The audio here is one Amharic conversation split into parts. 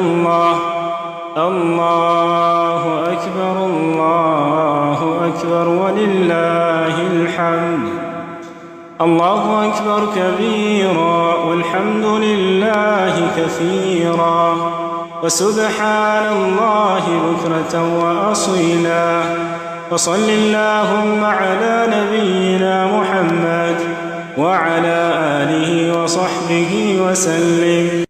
الله الله أكبر الله أكبر ولله الحمد الله أكبر كبيرا والحمد لله كثيرا وسبحان الله بكرة وأصيلا فصل اللهم على نبينا محمد وعلى آله وصحبه وسلم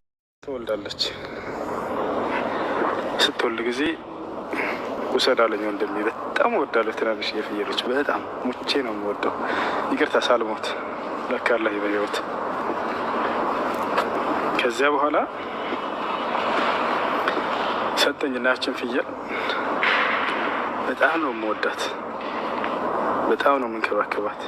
ስትወልድ ጊዜ ውሰድ አለኝ ወንድሜ። በጣም ወዳለሁ ትናንሽ የፍየሎች በጣም ሙቼ ነው የምወደው። ይቅርታ ሳልሞት ለካላ በህይወት ከዚያ በኋላ ሰጠኝ እና ያችን ፍየል በጣም ነው የምወዳት፣ በጣም ነው የምንከባከባት።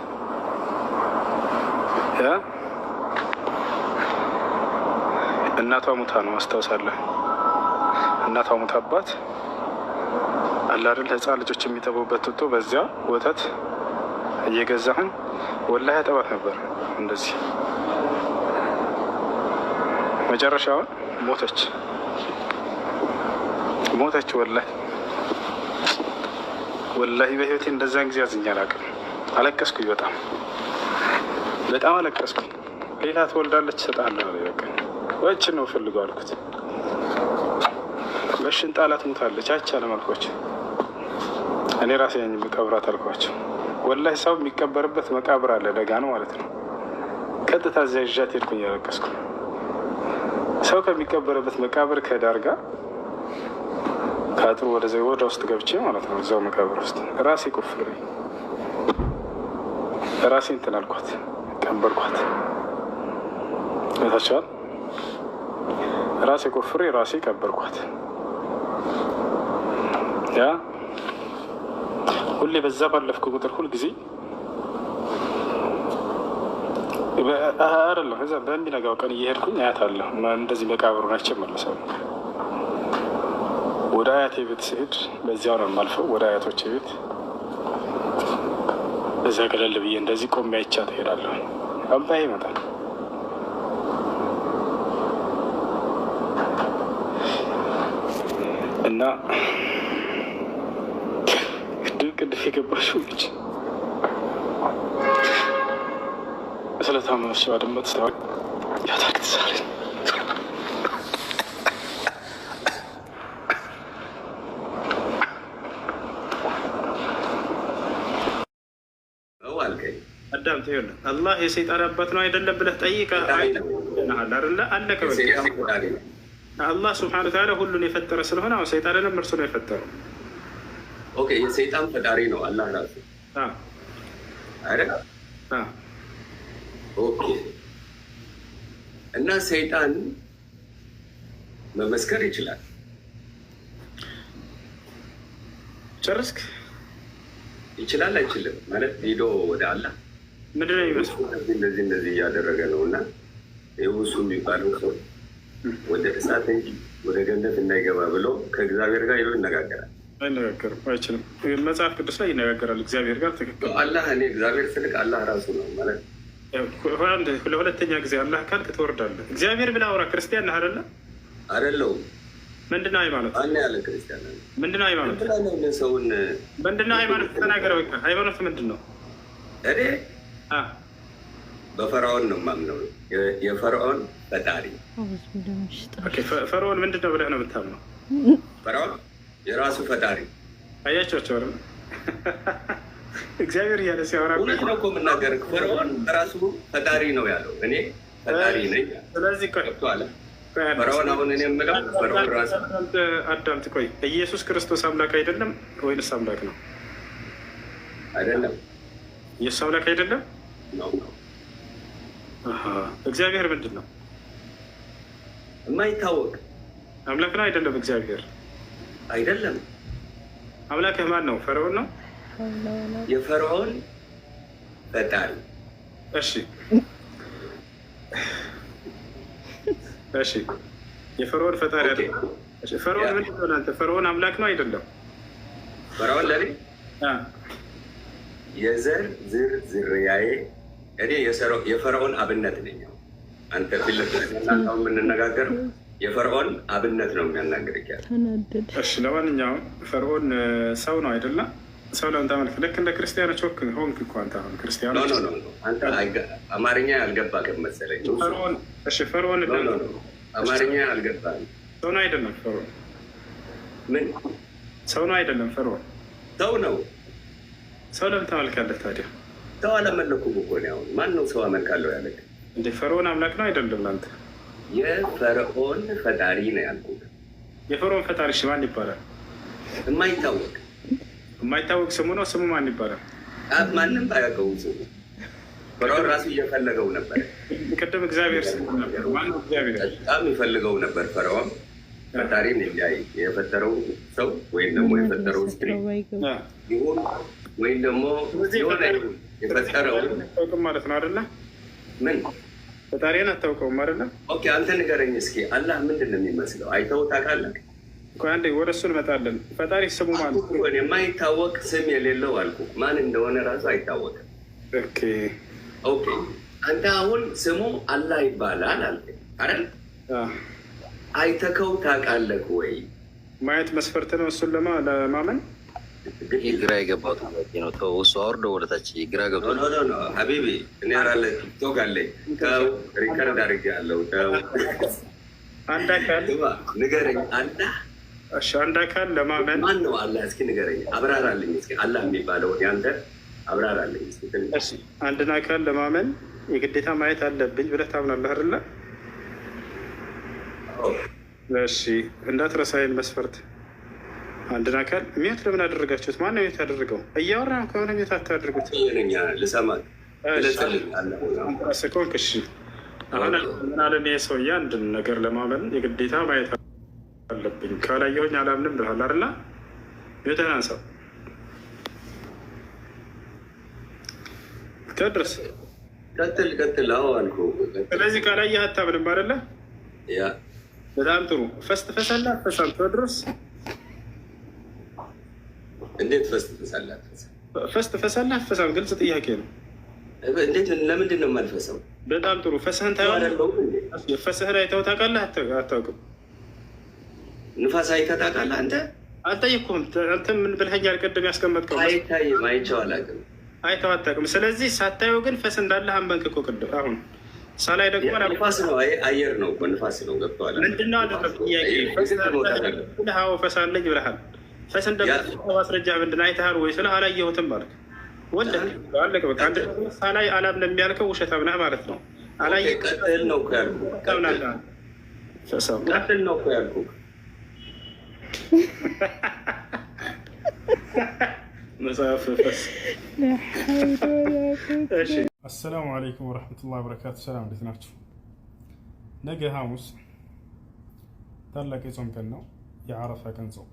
እናቷ ሙታ ነው አስታውሳለሁ። እናት አሙት አባት አላድል ህፃን ልጆች የሚጠቡበት ጡጦ በዚያ ወተት እየገዛህን ወላሂ ያጠባት ነበር። እንደዚህ መጨረሻውን ሞተች ሞተች። ወላሂ ወላሂ በህይወቴ እንደዛን ጊዜ አዝኛ አላውቅም። አለቀስኩኝ፣ በጣም በጣም አለቀስኩኝ። ሌላ ትወልዳለች ሰጣለ በቃ ወጭ ነው ፈልገው አልኩት። በሽን ጣላት ሙታለች አይቻልም አልኳቸው። እኔ ራሴ ነኝ የምቀብራት አልኳቸው። ወላሂ ሰው የሚቀበርበት መቃብር አለ፣ ደጋ ነው ማለት ነው። ቀጥታ እዚያ ይዣት ሄድኩኝ ያለቀስኩ። ሰው ከሚቀበርበት መቃብር ከዳር ጋር ከአጥሩ ወደ ወደ ውስጥ ገብቼ ማለት ነው እዛው መቃብር ውስጥ ራሴ ቆፍሬ ራሴ እንትን አልኳት ቀበርኳት። ታቸዋል ራሴ ቆፍሬ ራሴ ቀበርኳት። ያ ሁሌ በዛ ባለፍኩ ቁጥር ሁልጊዜ አይደለም ከዛ በሚነጋው ቀን እየሄድኩኝ አያታለሁ። እንደዚህ መቃብሩ ናቸው መለሰው ወደ አያቴ ቤት ስሄድ በዚያው ነው የማልፈው። ወደ አያቶች ቤት እዚያ ገለል ብዬ እንደዚህ ቆሜ አይቻ ትሄዳለሁ። አባይ ይመጣል። እና የገባሽው ልጅ ስለታመመች ባድመት ስታወቅ ያታክት ዛሬ ቀዳምት ይሆነ አላህ የሰይጣን አባት ነው አይደለም ብለህ ጠይቀህ አይናል አለ አለቀ። አላህ ስብሐነ ወተዓላ ሁሉን የፈጠረ ስለሆነ አሁን ሰይጣንንም እርሱ ነው የፈጠረው። ኦኬ የሰይጣን ፈጣሪ ነው አላህ ራሱ አይደል? ኦኬ እና ሰይጣን መመስከር ይችላል። ጨርስክ? ይችላል አይችልም? ማለት ሄዶ ወደ አላህ ምድር ይመስል የሚመስለው? እንደዚህ እንደዚህ እያደረገ ነው እና የውሱ የሚባለው ሰው ወደ እሳት እንጂ ወደ ገነት እንዳይገባ ብሎ ከእግዚአብሔር ጋር ይሎ ይነጋገራል። አይነጋገርም አይችልም። መጽሐፍ ቅዱስ ላይ ይነጋገራል እግዚአብሔር ጋር ትክክል አላህ እኔ እግዚአብሔር ስልክ አላህ ራሱ ነው ማለት ለሁለተኛ ጊዜ አላህ ካልክ ትወርዳለህ። እግዚአብሔር ብለህ አውራ ክርስቲያን ነህ አይደለ? አይደለሁም። ምንድን ነው ሃይማኖት? ምንድን ነው ሃይማኖት? ሰውን ምንድን ነው ሃይማኖት? ተናገረ በቃ ሃይማኖት ምንድን ነው? እኔ በፈርዖን ነው የማምነው። የፈርዖን ፈጣሪ ፈርዖን ምንድን ነው ብለህ ነው የምታምነው? ፈርዖን የራሱ ፈጣሪ አያቸቸው አለ እግዚአብሔር እያለ ሲያወራ እውነት ነው እኮ የምናገር ፈርዖን በራሱ ፈጣሪ ነው ያለው። እኔ ፈጣሪ ነኝ። ስለዚህ ገብቶሃል። ፈርዖን ቆይ ኢየሱስ ክርስቶስ አምላክ አይደለም ወይንስ አምላክ ነው? አይደለም። ኢየሱስ አምላክ አይደለም። እግዚአብሔር ምንድን ነው? የማይታወቅ አምላክ ነው አይደለም እግዚአብሔር አይደለም። አምላክህ ማን ነው? ፈርዖን ነው። የፈርዖን ፈጣሪ። እሺ እሺ፣ የፈርዖን ፈጣሪ አይደለም። ፈርዖን ምን ነው? አንተ? ፈርዖን አምላክ ነው አይደለም? ፈርዖን ለኔ የዘር ዝር ዝርያዬ እኔ የፈርዖን አብነት ነኝ። አንተ ፊት ለፊት የምንነጋገረው የፈርዖን አብነት ነው የሚያናገርክ እሺ ለማንኛውም ፈርዖን ሰው ነው አይደለም? ሰው ለምን ተመልክ? ልክ እንደ ክርስቲያኖች ሆንክ እኮ አንተ። አሁን ክርስቲያኖች አማርኛ አልገባህም መሰለኝ። እሺ ፈርዖን አማርኛ አልገባህም። ሰው ነው አይደለም? ፈርዖን ምን ሰው ነው አይደለም? ፈርዖን ሰው ነው። ሰው ለምን ተመልካለህ ታዲያ? ሰው አላመለኩም እኮ እኔ አሁን። ማን ነው ሰው አመልካለሁ ያለ እንዴ? ፈርዖን አምላክ ነው አይደለም ለአንተ የፈርዖን ፈጣሪ ነው ያልኩት። የፈርዖን ፈጣሪ እሺ፣ ማን ይባላል? የማይታወቅ የማይታወቅ ስሙ ነው። ስሙ ማን ይባላል? ማንም ባያውቀው ስሙ ፈርዖን ራሱ እየፈለገው ነበር። ቅድም እግዚአብሔር ስሙ ነበር። ማነው እግዚአብሔር? በጣም ይፈልገው ነበር ፈርዖን ፈጣሪን የሚያይ የፈጠረው ሰው ወይም ደግሞ የፈጠረው ስትሪ ይሁን ወይም ደግሞ የሆነ የፈጠረው ማለት ነው አይደለ ምን ፈጣሪን አታውቀውም አይደለም? ኦኬ አንተ ንገረኝ እስኪ አላህ ምንድን ነው የሚመስለው? አይተው ታውቃለህ? አንዴ ወደ እሱ እንመጣለን። ፈጣሪ ስሙ ማለት የማይታወቅ ስም የሌለው አልኩ። ማን እንደሆነ ራሱ አይታወቅም። ኦኬ አንተ አሁን ስሙ አላህ ይባላል አለ አይደል? አይተከው ታውቃለህ ወይ? ማየት መስፈርት ነው እሱን ለማመን ግራ የገባው ጥያቄ ነው። ተው እሱ አውርዶ ወደታች ግራ ገብቶ ሀቢቢ እኔ አራለ ቲክቶክ ተው ሪከርድ አንድ አካል ንገረኝ። እሺ፣ አንድ አካል ለማመን ማን ነው እስኪ ንገረኝ፣ አብራራልኝ እስኪ ያንተ አብራራልኝ እስኪ። አንድን አካል ለማመን የግዴታ ማየት አለብኝ ብለህ ታምናለህ አይደለ? እሺ፣ እንዳትረሳይን መስፈርት አንድን አካል ሚዩት ለምን አደረጋችሁት? ማን ሚዩት ያደረገው? እያወራ ከሆነ ሚዩት አታደርጉት። ስኮንክሽ አሁን ምን አለም ይሄ ሰውዬ አንድን ነገር ለማመን የግዴታ ማየት አለብኝ። ካላየሁኝ አላምንም ብለሃል አይደል? ሚዩትህን አንሳው ድረስ ቀጥል ቀጥል። አዎ አልኩህ። ስለዚህ ካላየህ አታምንም አይደለ? በጣም ጥሩ ፈስት ፈሳላ ፈሳል ድረስ እንዴት ፈስ ትፈሳለህ? ፈስ ትፈሳለህ? ግልጽ ጥያቄ ነው። እንዴት ለምንድን ነው የማልፈሰው? በጣም ጥሩ። ፈስህን ታየዋለህ? ፈስህን አይተኸው ታውቃለህ? አታውቅም? ንፋስ አይተህ ታውቃለህ? አንተ አንተ ምን ብለኸኛል? ቅድም ያስቀመጥከው አይታይም። አይቼው አላውቅም። አይተኸው አታውቅም። ስለዚህ ሳታየው ግን ፈስ እንዳለህ አንበንክ እኮ ቅድም። አሁን ሳላይ ደግሞ ንፋስ ነው፣ አየር ነው፣ ንፋስ ነው። ገብቶሃል? ምንድን ነው አደረግ ጥያቄ ፈስ አለኝ ብለሃል ፈሰን ማስረጃ ምንድን አይተሃል ወይ ስለ አላየሁትም አልክ። ወለህ በቃ አንድ አላም ለሚያልከው ውሸታም ነህ ማለት ነው። አላየቀጥል ነው ያልኩህ ነው ያልኩህ መጽሐፍ አሰላሙ አለይኩም ወረህመቱላሂ ወበረካቱ። ሰላም እንዴት ናችሁ? ነገ ሐሙስ ታላቅ የጾም ቀን ነው፣ የአረፋ ቀን ጾም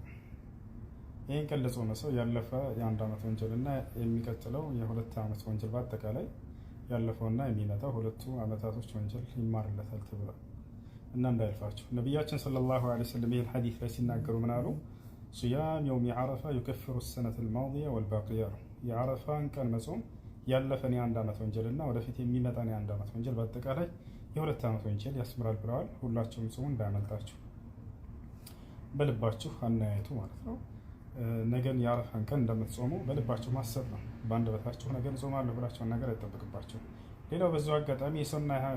ይህን ቅልጽ መሰው ሰው ያለፈ የአንድ ዓመት ወንጀልና የሚቀጥለው የሁለት ዓመት ወንጀል በአጠቃላይ ያለፈውና የሚመጣው ሁለቱ ዓመታቶች ወንጀል ይማርለታል ተብሏል እና እንዳይልፋቸው ነቢያችን ሰለላሁ ዐለይሂ ወሰለም ይህን ሐዲስ ላይ ሲናገሩ ምን አሉ? ሱያም የውም ዓረፋ ዩከፍሩ ሰነት ልማዲያ ወልባቅያ ነው። የዓረፋን ቀን መጾም ያለፈን የአንድ ዓመት ወንጀልና ወደፊት የሚመጣን የአንድ ዓመት ወንጀል በአጠቃላይ የሁለት ዓመት ወንጀል ያስምራል ብለዋል። ሁላቸውም ጾሙ እንዳያመልጣችሁ በልባችሁ አናያየቱ ማለት ነው። ነገን የአረፋን ቀን እንደምትጾሙ በልባቸው ማሰብ ነው። በአንደበታችሁ ነገን እጾማለሁ ብላቸውን ነገር አይጠብቅባቸው። ሌላው በዚሁ አጋጣሚ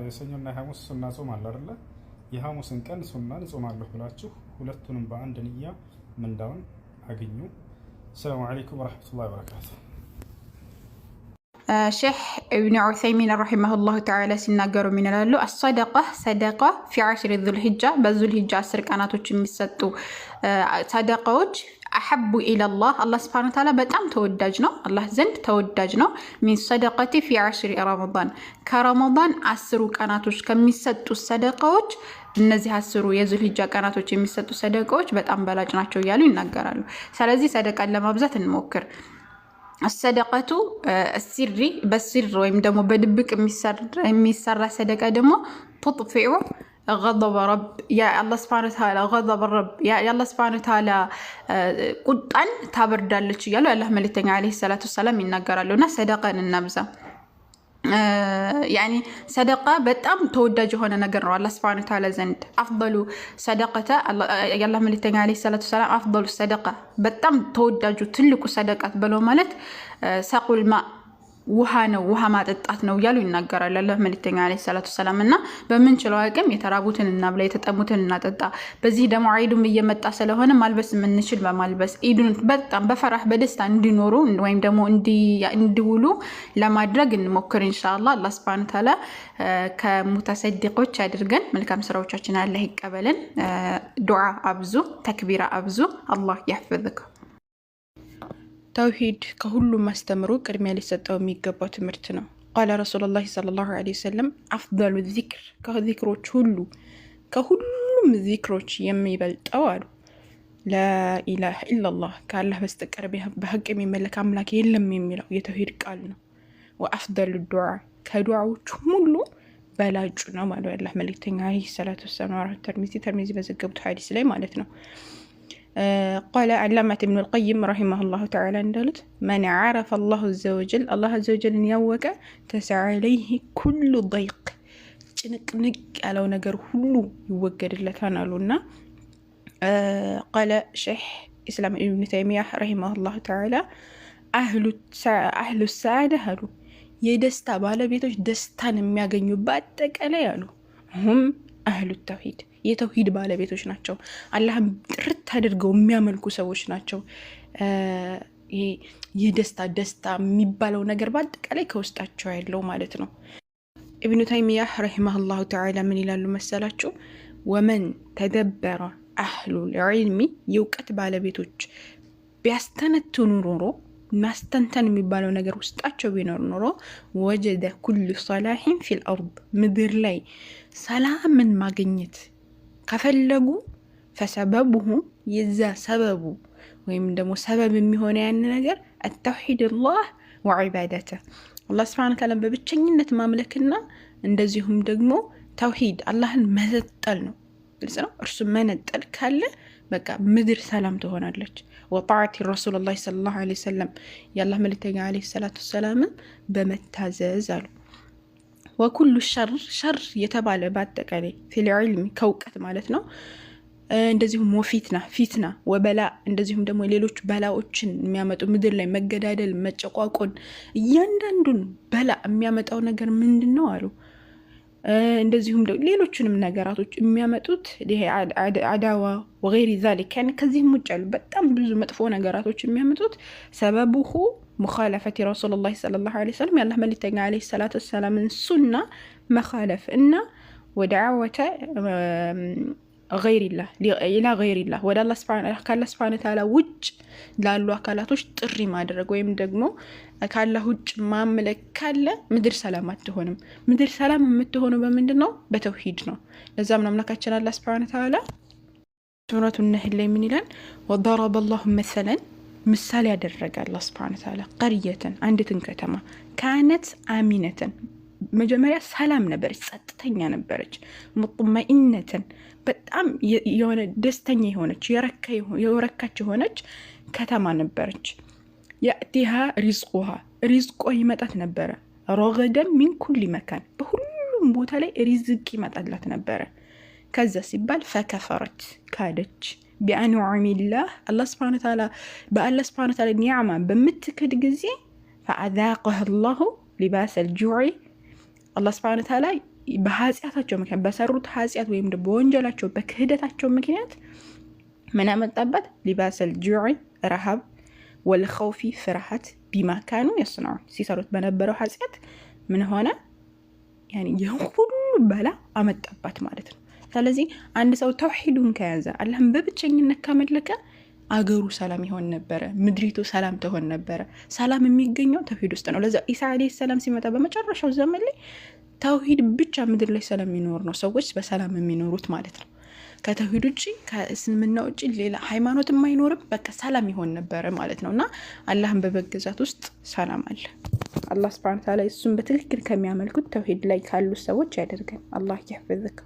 የሰኞና የሐሙስ ሱና ጾም አለ አይደለ? የሐሙስን ቀን ሱናን እጾማለሁ ብላችሁ ሁለቱንም በአንድ ንያ ምንዳውን አግኙ። ሰላሙ አለይኩም ወረሕመቱላሂ ወበረካቱ። ሼህ እብኒ ዑሰይሚን ረሒመሁላሁ ተዓላ ሲናገሩ ምን ይላሉ? አሰደቃ ሰደቃ ፊ ዓሽሪ ዙልሂጃ በዙልሂጃ አስር ቀናቶች የሚሰጡ ሰደቃዎች አሐቡ ኢለላህ አላህ ስብሐነ ወተዓላ በጣም ተወዳጅ ነው፣ አላህ ዘንድ ተወዳጅ ነው። ሚን ሰደቀቲ ፊ አሽሪ ረመዳን ከረመዳን አስሩ ቀናቶች ከሚሰጡ ሰደቃዎች እነዚህ አስሩ የዙልሂጃ ቀናቶች የሚሰጡ ሰደቃዎች በጣም በላጭ ናቸው እያሉ ይናገራሉ። ስለዚህ ሰደቃን ለማብዛት እንሞክር። ሰደቀቱ ሲሪ በሲር ወይም ደግሞ በድብቅ የሚሰራ ሰደቃ ደግሞ ቱጥፊዑ ገበ ረብ የአላህ ስብሐነ ተዓላ ገበ ረብ የአላህ ስብሐነ ተዓላ ቁጣን ታበርዳለች እያሉ የአላህ መልእክተኛ ዓለይሂ ሰላቱ ሰላም ይናገራሉ። እና ሰደቃን እናብዛ። ያኒ ሰደቃ በጣም ተወዳጅ የሆነ ነገር ነው አላህ ስብሐነ ተዓላ ዘንድ። አፍሉ ሰደቀተ የአላህ መልእክተኛ ዓለይሂ ሰላቱ ሰላም አፍሉ ሰደቃ በጣም ተወዳጁ ትልቁ ሰደቃት ብለው ማለት ሰቁል ማእ ውሃ ነው ውሃ ማጠጣት ነው እያሉ ይናገራል አላህ መልክተኛ ዓለይሂ ሰላቱ ሰላም። እና በምንችለው አቅም የተራቡትን እናብላ፣ የተጠሙትን እናጠጣ። በዚህ ደግሞ ዒዱም እየመጣ ስለሆነ ማልበስ የምንችል በማልበስ ዒዱን በጣም በፈራህ በደስታ እንዲኖሩ ወይም ደግሞ እንዲውሉ ለማድረግ እንሞክር ኢንሻአላህ። አላህ ሱብሓነሁ ወተዓላ ከሙተሰዲቆች አድርገን መልካም ስራዎቻችን አላህ ይቀበልን። ዱዓ አብዙ፣ ተክቢራ አብዙ። አላህ ያፈዝከው ተውሂድ ከሁሉም አስተምሮ ቅድሚያ ሊሰጠው የሚገባው ትምህርት ነው። ቃለ ረሱሉላህ ሰለላሁ ዐለይሂ ወሰለም አፍደሉ ዚክር ከዚክሮች ሁሉ ከሁሉም ዚክሮች የሚበልጠው አሉ ላኢላህ ኢላላህ ከአላህ በስተቀር በሀቅ የሚመለክ አምላክ የለም የሚለው የተውሂድ ቃል ነው። ወአፍደሉ ዱዓ ከዱዓዎች ሁሉ በላጩ ነው ማለት ያላህ መልእክተኛ ዐለይሂ ሰላቱ ወሰላም ተርሚዚ ተርሚዚ በዘገቡት ሀዲስ ላይ ማለት ነው። ቃለ አላማት ኢብኑ ልቀይም ረሒማሁ ላሁ ተዓላ እንዳሉት መን ዓረፈ ላሁ አዘወጀል አላህ አዘወጀልን ያወቀ ተስዓ ኩሉ ደይቅ ጭንቅንቅ ያለው ነገር ሁሉ ይወገድለታል አሉ እና ቃለ ሼሕ ኢስላም ኢብኑ ተይሚያ ረሒማሁ ላሁ ተዓላ አህሉ ሰዓዳ አሉ የደስታ ባለቤቶች ደስታን የሚያገኙ በአጠቃላይ አሉ ሁም አህሉ ተውሂድ የተውሂድ ባለቤቶች ናቸው። አላህን ጥርት አድርገው የሚያመልኩ ሰዎች ናቸው። ይሄ የደስታ ደስታ የሚባለው ነገር በአጠቃላይ ከውስጣቸው ያለው ማለት ነው። ኢብኑ ተይሚያ ረሂመሁላሁ ተዓላ ምን ይላሉ መሰላችሁ? ወመን ተደበረ አህሉል ዒልሚ የእውቀት ባለቤቶች ቢያስተነትኑ ኖሮ ማስተንተን የሚባለው ነገር ውስጣቸው ቢኖር ኖሮ ወጀደ ኩሉ ሰላሒን ፊል አርድ ምድር ላይ ሰላምን ማግኘት ከፈለጉ ፈሰበቡሁ የዛ ሰበቡ ወይም ደግሞ ሰበብ የሚሆነ ያን ነገር አተውሒድ ላህ ወዒባደተ አላህ ስብሓነ ተዓላ በብቸኝነት ማምለክና እንደዚሁም ደግሞ ተውሂድ አላህን መነጠል ነው። ግልጽ ነው። እርሱ መነጠል ካለ በቃ ምድር ሰላም ትሆናለች። ወጣዕቲ ረሱሉላሂ ሰለላሁ ዐለይሂ ወሰለም የአላህ መልክተኛ ዐለይሂ ሰላቱ ወሰላምን በመታዘዝ አሉ። ወኩሉ ሸር ሸር የተባለ በአጠቃላይ ፊል ከእውቀት ማለት ነው። እንደዚሁም ወፊትና ፊትና ወበላ እንደዚሁም ደግሞ ሌሎች በላዎችን የሚያመጡ ምድር ላይ መገዳደል፣ መጨቋቆን እያንዳንዱን በላ የሚያመጣው ነገር ምንድን ነው አሉ። እንደዚሁም ሌሎችንም ነገራቶች የሚያመጡት ይሄ አዳዋ ወገይሪ ዛሊክ ከዚህም ውጭ ያሉ በጣም ብዙ መጥፎ ነገራቶች የሚያመጡት ሰበቡሁ ሙኻለፈት ረሱሉላ ሰለላሁ ዐለይሂ ወሰለም የአላህ መልእክተኛ ዐለይሂ ሰላቱ ወሰላምን ሱና መኻለፍ እና ወደ ገይሪላህ ኢላ ገይሪላህ ወደ ካላ ስብሓነ ተዓላ ውጭ ላሉ አካላቶች ጥሪ ማድረግ ወይም ደግሞ ካላህ ውጭ ማምለክ ካለ ምድር ሰላም አትሆንም። ምድር ሰላም የምትሆነው በምንድን ነው? በተውሂድ ነው። ለዛም አምላካችን አላህ ስብሓነ ተዓላ ሱረቱ ነህል ላይ ምን ይላል? ወደረበ ላሁ መሰለን ምሳሌ ያደረገ አላ ስብሐነ ተዓላ ቀርየትን አንዲትን ከተማ ካነት አሚነትን መጀመሪያ ሰላም ነበረች፣ ጸጥተኛ ነበረች። ሙጥመኢነትን በጣም የሆነ ደስተኛ የሆነች የረካች የሆነች ከተማ ነበረች። ያእቲሃ ሪዝቁሃ ሪዝቆ ይመጣት ነበረ። ሮገደን ሚን ኩሊ መካን በሁሉም ቦታ ላይ ሪዝቅ ይመጣላት ነበረ። ከዛ ሲባል ፈከፈረች ካደች። ቢአንዑሚላህ አላህ ስብሐነ ወተዓላ በአላህ ስብሐነ ወተዓላ ኒዕማ በምትክድ ጊዜ ፈአዛቀህ ላሁ ሊባሰል ጁዕ አላህ ስብሐነ ወተዓላ በኃጢአታቸው ምክንያት በሰሩት ኃጢአት ወይም በወንጀላቸው በክህደታቸው ምክንያት ምን አመጣበት? ሊባሰል ጁዕ ረሃብ፣ ወልኸውፊ ፍርሃት፣ ቢማካኑ ያስነዑን ሲሰሩት በነበረው ኃጢአት ምን ሆነ? ያን ሁሉ በላ አመጣባት ማለት ነው። ስለዚህ አንድ ሰው ተውሒዱን ከያዘ አላህም በብቸኝነት ካመለከ አገሩ ሰላም ይሆን ነበረ፣ ምድሪቱ ሰላም ትሆን ነበረ። ሰላም የሚገኘው ተውሂድ ውስጥ ነው። ለዛ ኢሳ ዓለይሂ ሰላም ሲመጣ በመጨረሻው ዘመን ላይ ተውሂድ ብቻ ምድር ላይ ሰላም የሚኖር ነው ሰዎች በሰላም የሚኖሩት ማለት ነው። ከተውሂድ ውጭ ከእስልምና ውጭ ሌላ ሃይማኖት አይኖርም። በቃ ሰላም ይሆን ነበረ ማለት ነው። እና አላህን በመገዛት ውስጥ ሰላም አለ። አላህ ስብሐነ ወተዓላ እሱን በትክክል ከሚያመልኩት ተውሂድ ላይ ካሉ ሰዎች ያደርገን። አላህ ያህፍዝክ።